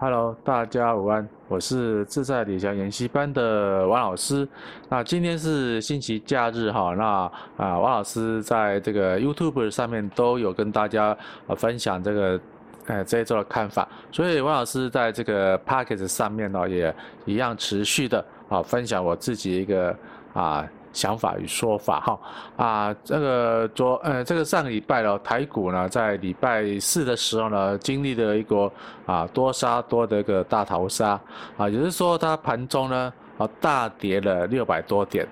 Hello，大家午安，我是自在理財研習班的王老師。那今天是星期假日哈，那啊、呃，王老師在這個 YouTube 上面都有跟大家呃分享這個呃這一周的看法，所以王老師在這個 Podcast 上面呢也一樣持續的啊、呃、分享我自己一個啊。呃想法與說法哈啊，這個昨呃這個上個禮拜了，台股呢在禮拜四的時候呢經歷了一個啊多殺多的一個大屠殺啊，也就是說它盤中呢啊大跌了六百多點，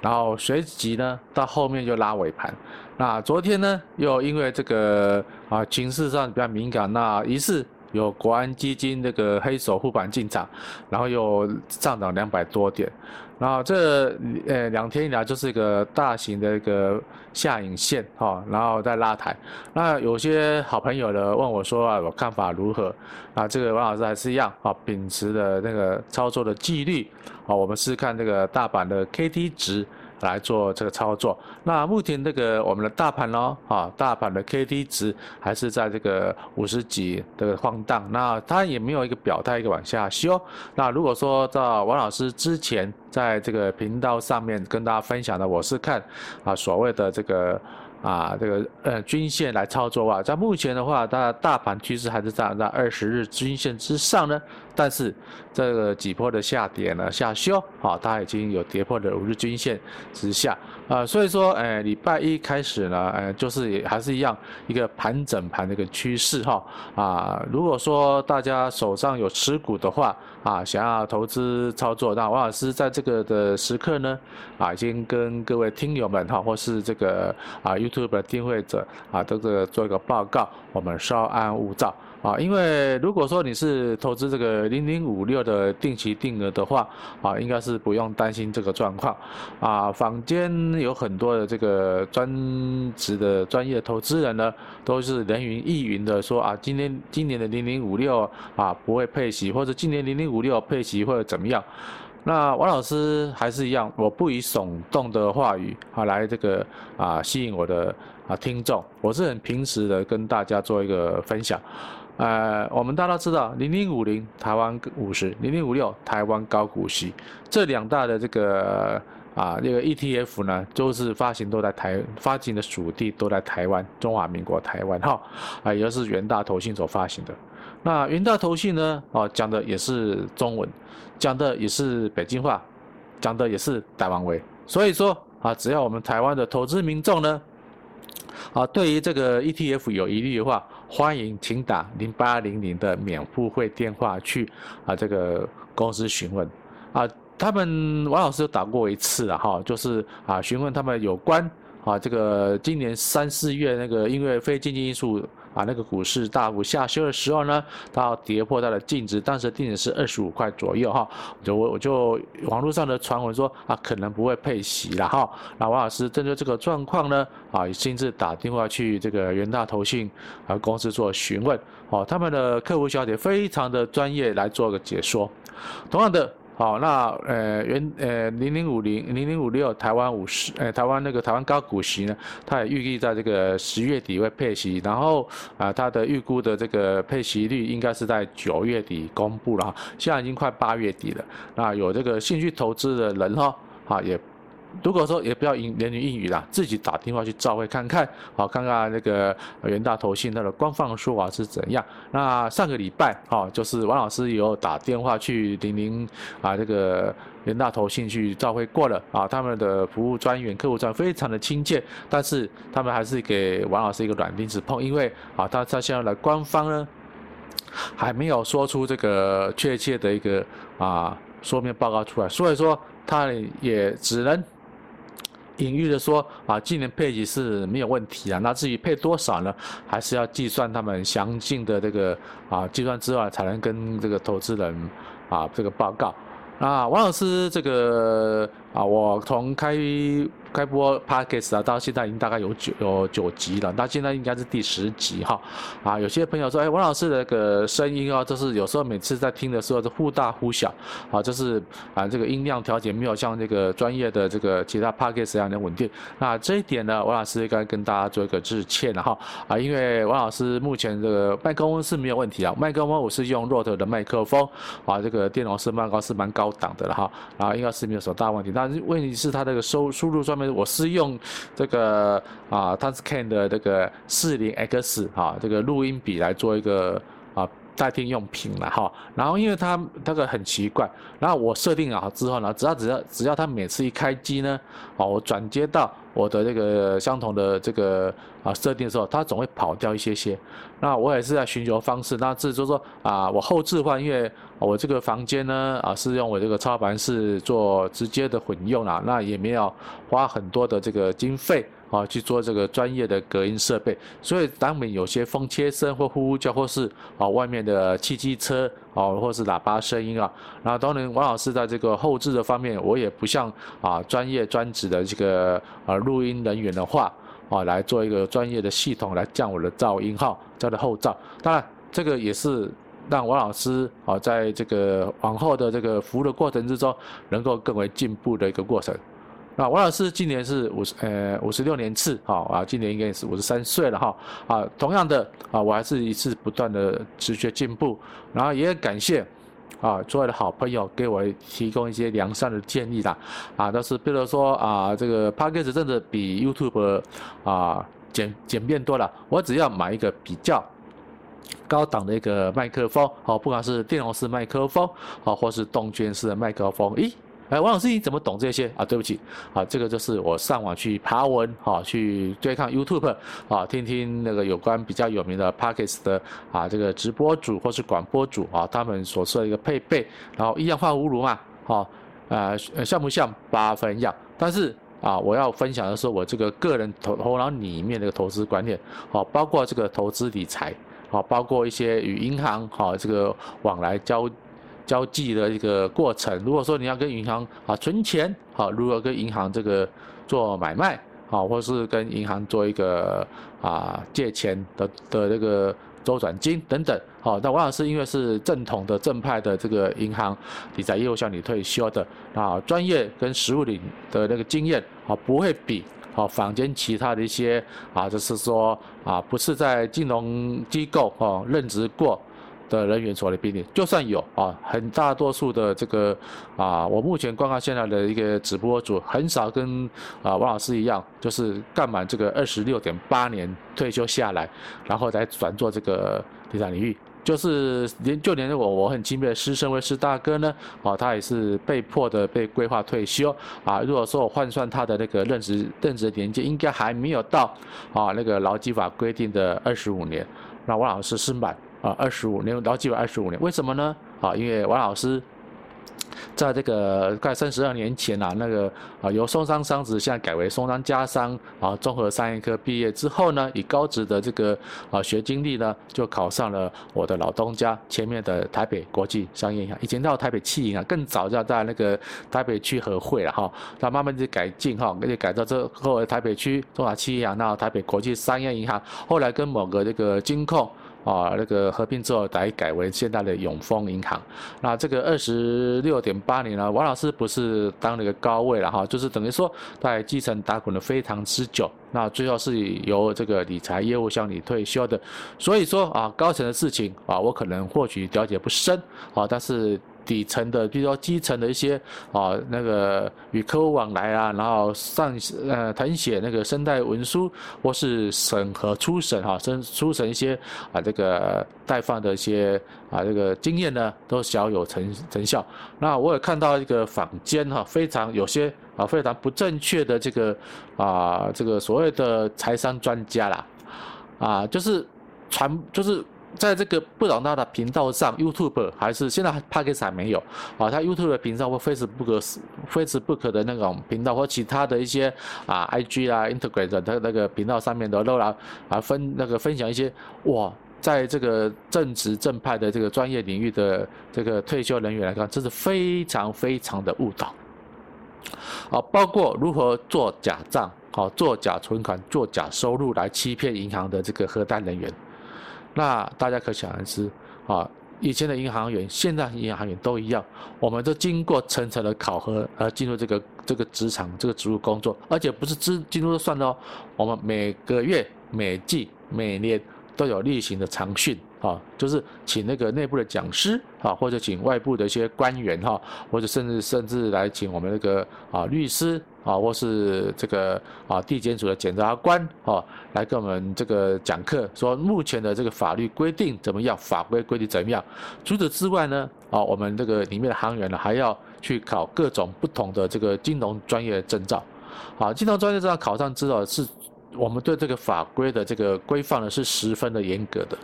然後隨即呢到後面就拉尾盤，那昨天呢又因為這個啊情緒上比較敏感，那於是。有國安基金那個黑手護盤進場，然後又上漲兩百多點，然後這呃兩天以來就是一個大型的一個下影線哈，然後再拉抬。那有些好朋友呢問我說啊，我看法如何？啊，這個王老師還是一樣啊，秉持的那個操作的紀律啊，我們是看這個大盤的 KD 值。來做這個操作。那目前這個我們的大盤咯，啊，大盤的 KD 值還是在這個五十幾的晃蕩，那它也沒有一個表態一個往下修。那如果說到在王老師之前在這個頻道上面跟大家分享的，我是看啊所謂的這個。啊，這個呃均線來操作啊，在目前的話，它大盤趨勢還是在在二十日均線之上呢，但是這個幾波的下跌呢，下修啊，它已經有跌破的五日均線之下。啊，呃、所以說，哎，禮拜一開始呢，哎，就是也還是一樣一個盤整盤的一個趨勢哈。啊，如果說大家手上有持股的話，啊，想要投資操作，那王老師在這個的時刻呢，啊，已經跟各位聽友們哈，或是這個啊 YouTube 的訂閱者啊，都是做一個報告，我們稍安勿躁。啊，因為如果說你是投資這個零零五六的定期定額的話，啊，應該是不用擔心這個狀況。啊，坊間有很多的這個專職的專業的投資人呢，都是人云亦云的說啊，今年今年的零零五六啊不會配息，或者今年零零五六配息或者怎麼樣。那王老師還是一樣，我不以聳動的話語啊來這個啊吸引我的啊聽眾，我是很平實的跟大家做一個分享。呃，我們大家都知道，零零五零台灣五十、零零五六台灣高股息這兩大的這個啊那個 ETF 呢，都是發行都在台發行的屬地都在台灣中華民國台灣哈啊，也就是元大投信所發行的。那雲大投信呢？啊，講的也是中文，講的也是北京話，講的也是台灣味。所以說啊，只要我們台灣的投資民眾呢，啊，對於這個 ETF 有疑慮的話，歡迎請打零八零零的免付費電話去啊這個公司詢問。啊，他們王老師有打過一次了哈，就是啊詢問他們有關啊這個今年三四月那個因為非經濟因素。啊，那個股市大幅下修的時候呢，它要跌破它的淨值，當時淨值是二十五塊左右哈。就、啊、我我就網絡上的傳聞說啊，可能不會配息了哈、啊。那王老師針對這個狀況呢，啊，也親自打電話去這個元大投信啊公司做詢問。哦、啊，他們的客服小姐非常的專業來做個解說。同樣的。好，那呃原呃零零五零零零五六台灣五十呃台灣那個台灣高股息呢，它也預計在這個十月底會配息，然後啊、呃、它的預估的這個配息率應該是在九月底公布了，現在已經快八月底了，那有這個興趣投資的人哈啊也。如果說也不要人云亦云啦，自己打電話去照會看看，好，哦，看看那個元大投信那個官方說法是怎樣。那上個禮拜啊、哦，就是王老師有打電話去零零啊，這個元大投信去照會過了啊，他們的服務專員、客戶專員非常的親切，但是他們還是給王老師一個軟釘子碰，因為啊，他他現在的官方呢還沒有說出這個確切的一個啊書面報告出來，所以說他也只能。隱喻的說啊，今年配息是沒有問題啊，那至於配多少呢，還是要計算他們詳盡的這個啊計算之外才能跟這個投資人啊這個報告。啊，王老師這個啊，我從開開播 podcast 啊，到現在已經大概有九有九集了，那現在應該是第十集哈。啊，有些朋友說，哎、欸，王老師的那個聲音啊，就是有時候每次在聽的時候是忽大忽小，啊，就是啊這個音量調節沒有像那個專業的這個其他 podcast 一樣的穩定。那這一點呢，王老師應該跟大家做一個致歉了哈。啊，因為王老師目前這個麥克風是沒有問題啊，麥克風我是用 Rode 的麥克風，啊，這個電容是麥克風是蠻高檔的了哈，然、啊、後應該是沒有什麼大問題。但是問題是它這個收輸入端。我是用這個啊 Tascam 的這個四零 X 啊，這個錄音筆來做一個啊。代替用品了哈，然後因為它那、這個很奇怪，那我設定了之後呢，只要只要只要它每次一開機呢，啊、哦，我轉接到我的這個相同的這個啊設定的時候，它總會跑掉一些些。那我也是在尋求方式，那這是就是說啊，我後置換，因為我這個房間呢啊是用我這個操盤式做直接的混用啊，那也沒有花很多的這個經費。啊，去做這個專業的隔音設備，所以當你有些風切聲或呼呼叫，或是啊外面的汽機車啊，或是喇叭聲音啊，然後當然，王老師在這個後製的方面，我也不像啊專業專職的這個啊錄音人員的話，啊來做一個專業的系統來降我的噪音號，叫做後噪。當然，這個也是讓王老師啊在這個往後的這個服務的過程之中，能夠更為進步的一個過程。啊，王老師今年是五十，呃，五十六年次，好啊，今年應該也是五十三歲了哈啊。同樣的啊，我還是一次不斷的持續進步，然後也很感謝啊，所有的好朋友給我提供一些良善的建議啦。啊。但是比如說啊，這個 Podcast 真的比 YouTube 啊簡簡便多了。我只要買一個比較高檔的一個麥克風，好、啊，不管是電容式麥克風啊，或是動圈式的麥克風，咦。哎，王老師，你怎麼懂這些啊？對不起，啊，這個就是我上網去爬文，啊，去對抗 YouTube，啊，聽聽那個有關比較有名的 Podcast 的啊，這個直播主或是廣播主啊，他們所說的一個配備，然後依樣畫葫蘆嘛，好、啊，啊、呃，像不像八分一樣？但是啊，我要分享的是我這個個人頭頭腦裡面的一個投資觀念，啊包括這個投資理財，啊包括一些與銀行哈、啊、這個往來交。交際的一個過程，如果說你要跟銀行啊存錢啊，如果跟銀行這個做買賣啊，或者是跟銀行做一個啊借錢的的這個周轉金等等啊，那王老師因為是正統的正派的這個銀行理財業務向你推銷的啊，專業跟實務裡的那個經驗啊不會比啊，坊間其他的一些啊，就是說啊不是在金融機構啊任職過。的人員所的比例，就算有啊，很大多數的這個啊，我目前觀看現在的一個直播主，很少跟啊王老師一樣，就是幹滿這個二十六點八年退休下來，然後再轉做這個地產領域，就是連就連我我很欽佩的師生為師大哥呢，哦、啊，他也是被迫的被規劃退休啊。如果說我換算他的那個任職任職的年紀，應該還沒有到啊那個勞基法規定的二十五年，那王老師是滿。啊，二十五年，然後就有二十五年，為什麼呢？啊，因為王老師，在這個快三十二年前吶、啊，那個啊，由松山商職現在改為松山家商，啊，綜合商業科畢業之後呢，以高職的這個啊學經歷呢，就考上了我的老東家前面的台北國際商業銀行。以前叫台北企銀行，更早就要在那個台北區合會了哈，他慢慢就改進哈，而且改到之後台北區中華企銀行，那台北國際商業銀行，後來跟某個這個金控。啊，那、這個合併之後改改為現在的永豐銀行。那這個二十六點八年呢，王老師不是當那個高位了哈，就是等於說在基層打滾的非常之久。那最後是由這個理財業務向你退休的。所以說啊，高層的事情啊，我可能或許了解不深啊，但是。底層的，比如說基層的一些啊，那個與客戶往來啊，然後上呃謄寫那個生態文書，或是審核初審哈、啊，審初審一些啊這個貸放的一些啊這個經驗呢，都小有成成效。那我也看到一個坊間哈、啊，非常有些啊非常不正確的這個啊這個所謂的財商專家啦，啊就是傳就是。在這個布朗納的頻道上，YouTube 還是現在 Podcast 沒有啊？他 YouTube 頻道或 Facebook、Facebook 的那種頻道，或其他的一些啊 IG 啊、Instagram 他那個頻道上面都漏了啊分那個分享一些哇，在這個正直正派的這個專業領域的這個退休人員來看，這是非常非常的誤導啊！包括如何做假賬、啊，做假存款、做假收入來欺騙銀行的這個核貸人員。那大家可想而知，啊，以前的銀行員，現在銀行員都一樣，我們都經過層層的考核而進入這個這個職場這個職務工作，而且不是只進入就算了，我們每個月、每季、每年都有例行的常訓，啊，就是請那個內部的講師啊，或者請外部的一些官員哈，或者甚至甚至來請我們那個啊律師。啊，或是這個啊，地檢署的檢察官啊，來跟我們這個講課，說目前的這個法律規定怎麼樣，法規規定怎麼樣。除此之外呢，啊，我們這個裡面的行員呢，還要去考各種不同的這個金融專業證照。啊，金融專業證照考上之後，是我們對這個法規的這個規範呢，是十分的嚴格的。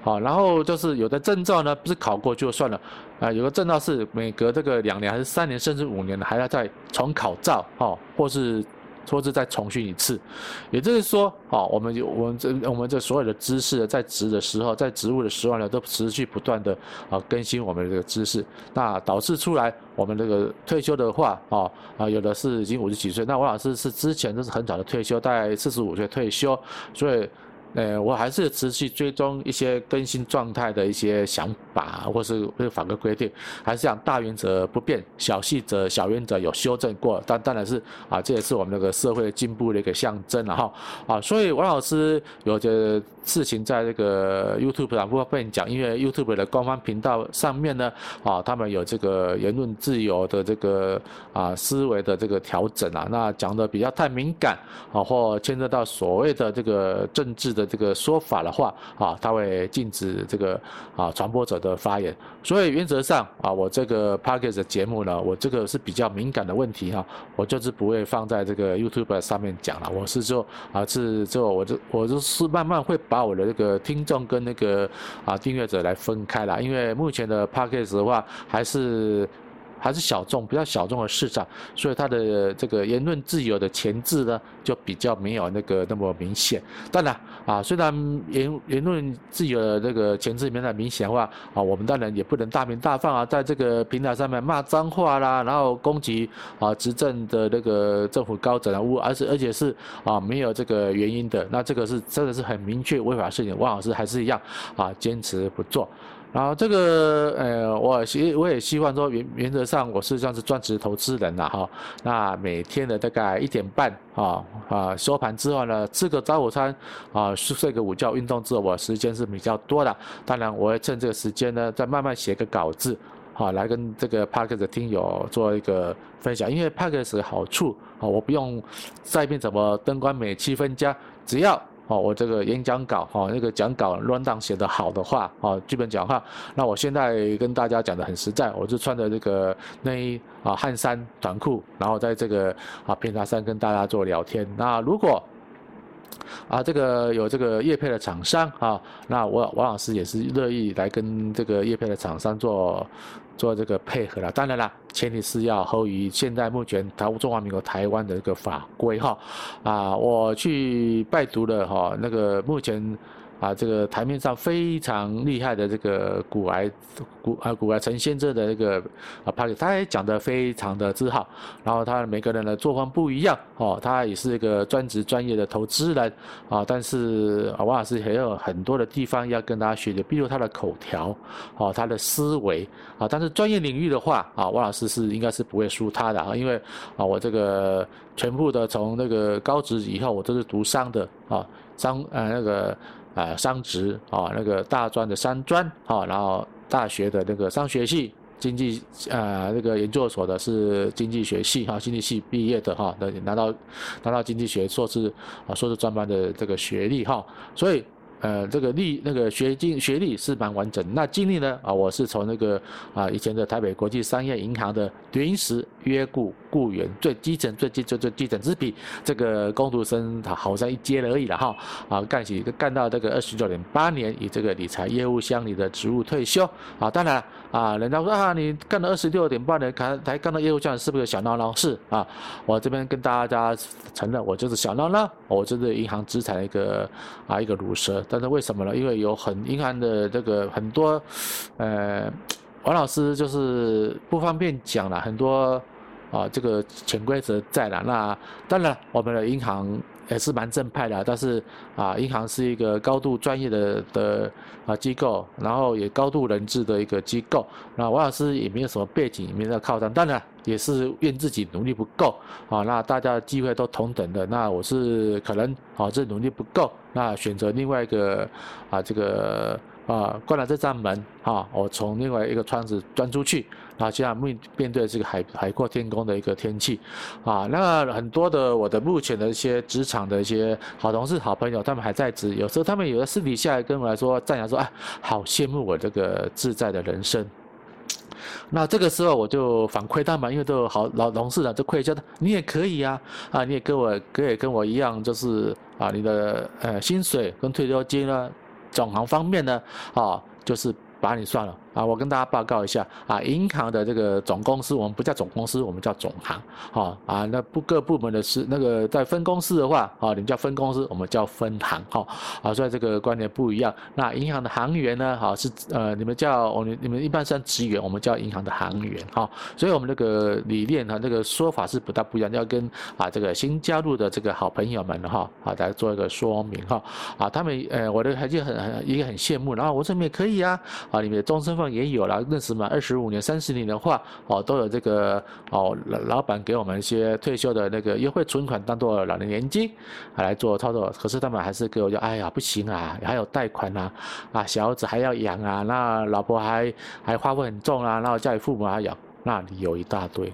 好，然後就是有的證照呢，不是考過就算了，啊，有的證照是每隔這個兩年，還是三年，甚至五年，還要再重考照，哦，或是，或是再重訓一次，也就是說，啊，我們有我們這我們這所有的知識，在職的時候，在職務的時候呢，都持續不斷的啊更新我們的這個知識，那導致出來我們這個退休的話，哦，啊，有的是已經五十幾歲，那王老師是之前都是很早的退休，大概四十五歲退休，所以。呃，我還是持續追蹤一些更新狀態的一些想法，或是法規規定，還是講大原則不變，小細則、小原則有修正過，但當然是啊，這也是我們那個社會進步的一個象徵了、啊、哈啊，所以王老師有的。事情在這個 YouTube 上不會講，因為 YouTube 的官方頻道上面呢，啊，他們有這個言論自由的這個啊思維的這個調整啊，那講的比較太敏感啊，或牽涉到所謂的這個政治的這個說法的話啊，他會禁止這個啊傳播者的發言。所以原則上啊，我這個 PODCAST 的節目呢，我這個是比較敏感的問題哈、啊，我就是不會放在這個 YouTube 上面講了，我是做啊是做我，我就我就是慢慢會把。把我的那個聽眾跟那個啊訂閱者來分開了，因為目前的 PODCAST 的話還是。還是小眾，比較小眾的市場，所以它的這個言論自由的鉗制呢就比較沒有那個那麼明顯。當然啊，雖然言言論自由的那個鉗制沒那麼明顯的話啊，我們當然也不能大鳴大放啊，在這個平台上面罵髒話啦，然後攻擊啊執政的那個政府高層啊，而且而且是啊沒有這個原因的，那這個是真的是很明確違法事情。王老師還是一樣啊，堅持不做。然後這個呃，我希我也希望說原原則上我是算是專職投資人啦，哈。那每天的大概一點半啊啊收盤之後呢，吃個早午餐啊，睡個午覺，運動之後我時間是比較多的。當然，我會趁這個時間呢，再慢慢寫個稿子啊，來跟這個 PODCAST 聽友做一個分享。因為 PODCAST 好處啊，我不用在那邊怎麼燈光美氣氛佳，只要。哦，我這個演講稿，哈、哦，那、這個講稿亂黨寫得好的話，啊、哦，劇本講話，那我現在跟大家講的很實在，我就穿着這個內衣啊，汗衫短褲，然後在這個啊平台上跟大家做聊天。那如果啊這個有這個業配的廠商啊，那我王老師也是樂意來跟這個業配的廠商做。做這個配合了，當然了，前提是要合於現在目前台中華民國台灣的這個法規哈啊，我去拜讀了哈那個目前。啊，這個台面上非常厲害的這個股癌股啊股癌陳先生的那，這個啊，他他也講得非常的自豪，然後他每個人的作風不一樣哦，他也是一個專職專業的投資人啊，但是啊，王老師還有很多的地方要跟大家學的，比如他的口條哦、啊，他的思維啊，但是專業領域的話啊，王老師是應該是不會輸他的啊，因為啊，我這個全部的從那個高職以後，我都是讀商的啊，商呃那個。啊，商職啊，那個大專的商專哈，然後大學的那個商學系經濟啊、呃，那個研究所的是經濟學系哈，經濟系畢業的哈，那拿到拿到經濟學碩士啊，碩士專班的這個學歷哈，所以呃，這個歷那個學經學歷是蠻完整的。那經歷呢啊，我是從那個啊以前的台北國際商業銀行的臨時約僱。雇員最基層、最基、最最基層，只比這個工讀生他好像一階了而已了、啊、哈、啊。啊，幹起幹到這個二十九點八年，以這個理財業務相關的職務退休啊。當然啊，人家說啊，你幹了二十六點八年，才才幹到業務相關，是不是小鬧鬧？是啊，我這邊跟大家承認，我就是小鬧鬧，我就是銀行資產一個啊一個魯蛇。但是為什麼呢？因為有很銀行的這個很多，呃，王老師就是不方便講了很多。啊，這個潛規則在了。那當然，我們的銀行也是蠻正派的。但是啊，銀行是一個高度專業的的啊機構，然後也高度人治的一個機構。那王老師也沒有什麼背景，也沒有靠山，當然也是怨自己努力不夠。啊，那大家的機會都同等的。那我是可能啊，這努力不夠，那選擇另外一個啊這個。啊，關了這扇門啊，我從另外一個窗子鑽出去，然、啊、後現在面面對這個海海闊天空的一個天氣啊，那很多的我的目前的一些職場的一些好同事、好朋友，他們還在職，有時候他們有的私底下跟我來說讚揚說，哎、啊，好羨慕我這個自在的人生。那這個時候我就反饋他們，因為都有好老同事了，就誇獎他，你也可以啊，啊，你也跟我可以跟我一樣，就是啊，你的呃薪水跟退休金呢、啊？總行方面呢，啊，就是把你算了。啊，我跟大家報告一下啊，銀行的這個總公司，我們不叫總公司，我們叫總行，哈、哦、啊，那不各部門的是那個在分公司的話，啊、哦，你們叫分公司，我們叫分行，哈、哦、啊，所以這個觀念不一樣。那銀行的行員呢，好、哦、是呃，你們叫你們你們一般算職員，我們叫銀行的行員，哈、哦，所以我們那個理念呢、啊，那個說法是不大不一樣，要跟啊這個新加入的這個好朋友們，哈、哦，啊，來做一個說明，哈、哦、啊，他們呃，我的還是很也很一個很羨慕，然後我說你們也可以啊，啊，你們的終身份。也有了認識嘛，二十五年、三十年的話，哦，都有這個哦，老老闆給我們一些退休的那個優惠存款，當做老年年金，啊，來做操作。可是他們還是給我講，哎呀，不行啊，還有貸款啊，啊，小子還要養啊，那老婆還還花費很重啊，然後家裡父母還要養，那裡有一大堆。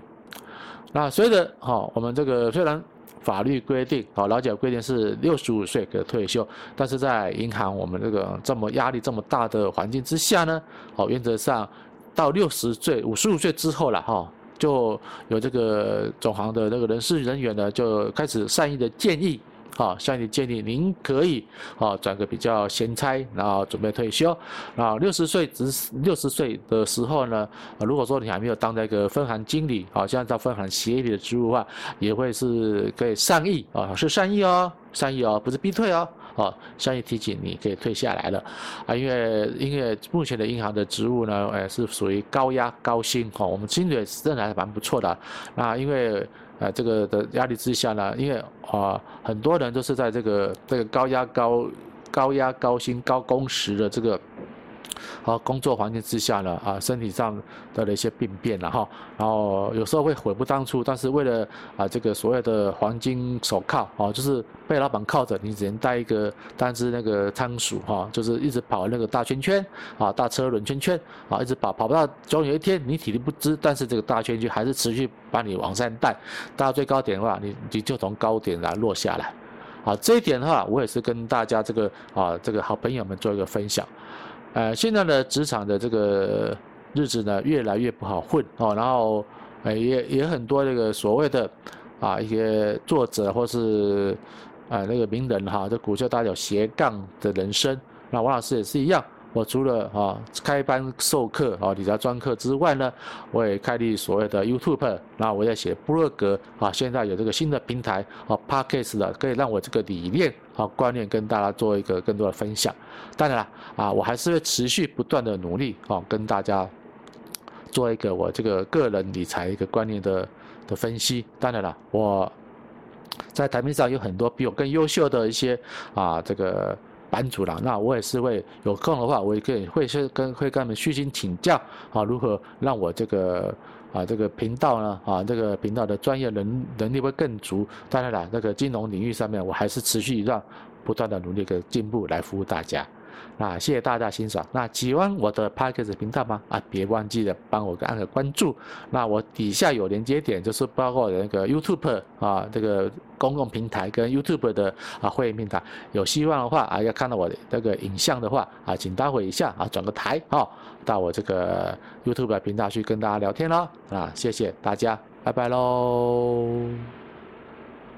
那隨着哦，我們這個雖然。法律規定，哦，老講規定是六十五歲可退休，但是在銀行，我們這個這麼壓力這麼大的環境之下呢，哦，原則上到六十歲、五十五歲之後了，哈，就有這個總行的那個人事人員呢，就開始善意的建議。好，向你建議，您可以，啊轉個比較閒差，然後準備退休。啊，六十歲至六十歲的時候呢，如果說你還沒有當那個分行經理，好像到分行協理的職務的話，也會是可以善意啊，是善意哦，善意哦，不是逼退哦，好善意提醒你可以退下來了，啊，因為因為目前的銀行的職務呢，哎，是屬於高壓高薪哈，我們經理是還是蠻不錯的。那因為。啊，這個的壓力之下呢，因為啊，很多人都是在這個這個高壓高高壓高薪高工時的這個。好，工作環境之下呢，啊，身體上得了一些病變了哈，然、啊、後、啊、有時候會悔不當初，但是為了啊，這個所謂的黃金手銬啊，就是被老板銬著，你只能帶一個，單隻那個倉鼠哈、啊，就是一直跑那個大圈圈啊，大車輪圈圈啊，一直跑，跑不到，總有一天你體力不支，但是這個大圈圈還是持續把你往上帶，到最高點的話，你你就從高點來、啊、落下來，啊，這一點的話，我也是跟大家這個啊，這個好朋友們做一個分享。呃，現在的職場的這個日子呢，越來越不好混哦。然後，呃，也也很多這個所謂的，啊，一些作者或是，啊、呃，那個名人哈，這鼓叫大家有斜槓的人生。那王老師也是一樣，我除了啊開班授課啊，理財專課之外呢，我也開立所謂的 YouTube。那我在寫部落格啊，現在有這個新的平台啊，Podcast 了、啊，可以讓我這個理念。好、啊，觀念跟大家做一個更多的分享。當然了，啊，我還是會持續不斷的努力啊，跟大家做一個我這個個人理財一個觀念的的分析。當然了，我在台面上有很多比我更優秀的一些啊，這個版主了。那我也是會有空的話，我也可以會去跟會跟他們虛心請教，啊，如何讓我這個。啊，這個頻道呢，啊，這個頻道的專業能能力會更足。當然了，那個金融領域上面，我還是持續讓不斷的努力跟進步來服務大家。啊，謝謝大家欣賞。那喜歡我的 Podcast 頻道嗎？啊，別忘記了幫我按個關注。那我底下有連接點，就是包括我的那個 YouTube 啊，這個公共平台跟 YouTube 的啊會議平台。有希望的話啊，要看到我的那個影像的話啊，請待會一下啊，轉個台啊，哦，到我這個 YouTube 頻道去跟大家聊天咯。啊，謝謝大家，拜拜嘍。